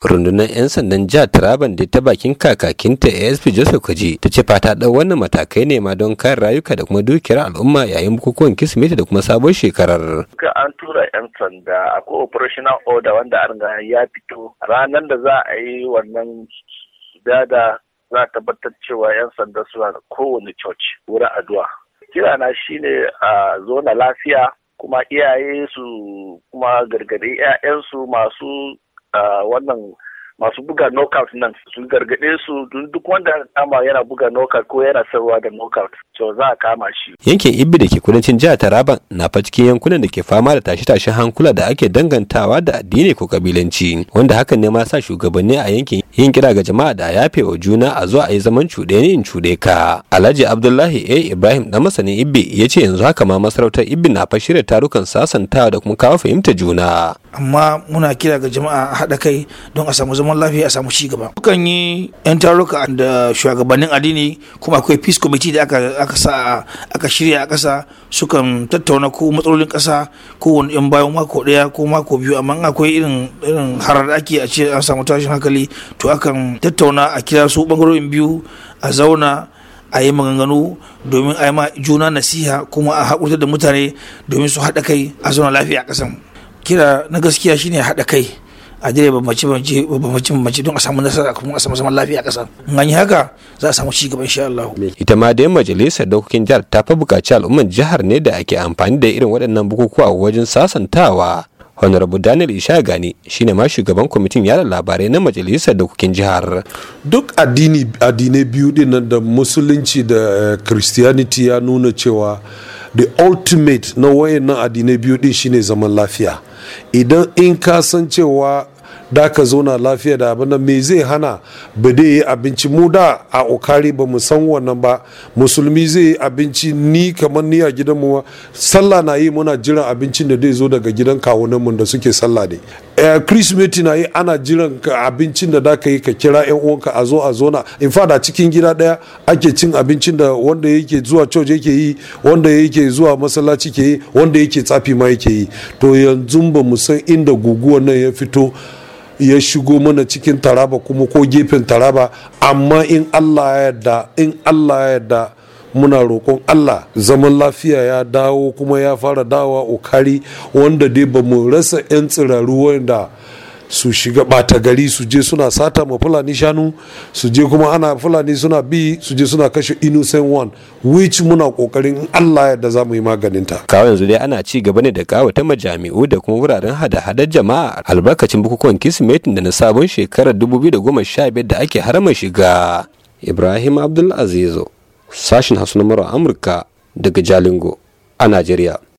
rundunar 'yan sandan jihar taraban da ta bakin kakakinta asp joseph kaji ta ce fata ɗau wannan matakai ne ma don kare rayuka da kuma dukiyar al'umma yayin bukukuwan kismeti da kuma sabon shekarar an tura 'yan sanda akwai operational order wanda an ya fito ranar da za a yi wannan dada za a tabbatar cewa 'yan sanda suna kowane church wurin addu'a kirana shine a zona lafiya kuma iyaye su kuma gargaɗi 'ya'yansu masu wannan masu buga knockout nan sun gargaɗe su duk wanda kama yana buga knockout ko yana sarwa da knockout to za a kama shi. Yankin Ibbi da ke kudancin jihar Taraba na fa cikin yankunan da ke fama da tashe-tashen hankula da ake dangantawa da addini ko kabilanci wanda hakan ne ma sa shugabanni a yankin yin kira ga jama'a da yafe wa juna a zuwa a yi zaman cuɗe ne in cuɗe ka. Alhaji Abdullahi A Ibrahim da masanin ibi ya ce yanzu haka ma masarautar ibi na fa tarukan sasantawa da kuma kawo fahimta juna. amma muna kira ga jama'a a haɗa kai don a samu zaman lafiya a samu cigaba. Kukan yi 'yan taruka da shugabannin addini kuma akwai peace committee da aka, sa aka shirya a ƙasa sukan tattauna ko matsalolin ƙasa ko wani 'yan bayan mako ɗaya ko mako biyu amma akwai irin irin harar da ake a ce an samu tashin hankali to akan tattauna a kira su ɓangarorin biyu a zauna a yi maganganu domin a yi ma juna nasiha kuma a haƙurta da mutane domin su haɗa kai a zauna lafiya a ƙasan. kira na gaskiya shine haɗa kai a dire mace ba mace don a samu nasara kuma a samu zaman lafiya a in an yi haka za a samu cigaba insha Allah ita ma dai majalisar dokokin jihar ta fa buƙaci al'umman jihar ne da ake amfani da irin waɗannan bukukuwa wajen sasantawa honorable daniel isha gani shine ma shugaban kwamitin yada labarai na majalisar dokokin jihar duk addini addinai biyu din da musulunci da eh, christianity ya nuna cewa the ultimate na wayannan addinai biyu din shine zaman lafiya idan in ka san cewa da ka zauna lafiya da abin me zai hana ba dai yi abinci mu da a okari ba mu san wannan ba musulmi zai yi abinci ni kamar ni a gidan mu sallah na yi muna jiran abincin da zai zo daga gidan kawunan mu da suke sallah ne eh, a kirsimeti na yi ana jiran abincin da da ka yi ka kira yan uwanka a zo a zona in fada cikin gida daya ake cin abincin da wanda yake zuwa church yake yi wanda yake zuwa masallaci ke yi wanda yake tsafi ma yake yi to yanzu ba mu san inda guguwar nan ya fito ya shigo mana cikin taraba kuma ko gefen taraba amma in allah ya yarda in allah ya yarda muna roƙon allah zaman lafiya ya dawo kuma ya fara dawa okari wanda dai ba mu rasa 'yan tsiraru wanda su shiga bata gari su je suna sata ma fulani shanu su je kuma ana fulani suna bi su je suna kashe innocent one which muna kokarin allah yadda za mu yi maganinta kawo yanzu dai ana ci gaba ne da kawo ta majami'u da kuma wuraren hada-hadar jama'a albarkacin bukukuwan kismetin da na sabon shekarar 2015 da ake harama shiga ibrahim Azizo sashin hasu na amurka daga jalingo a najeriya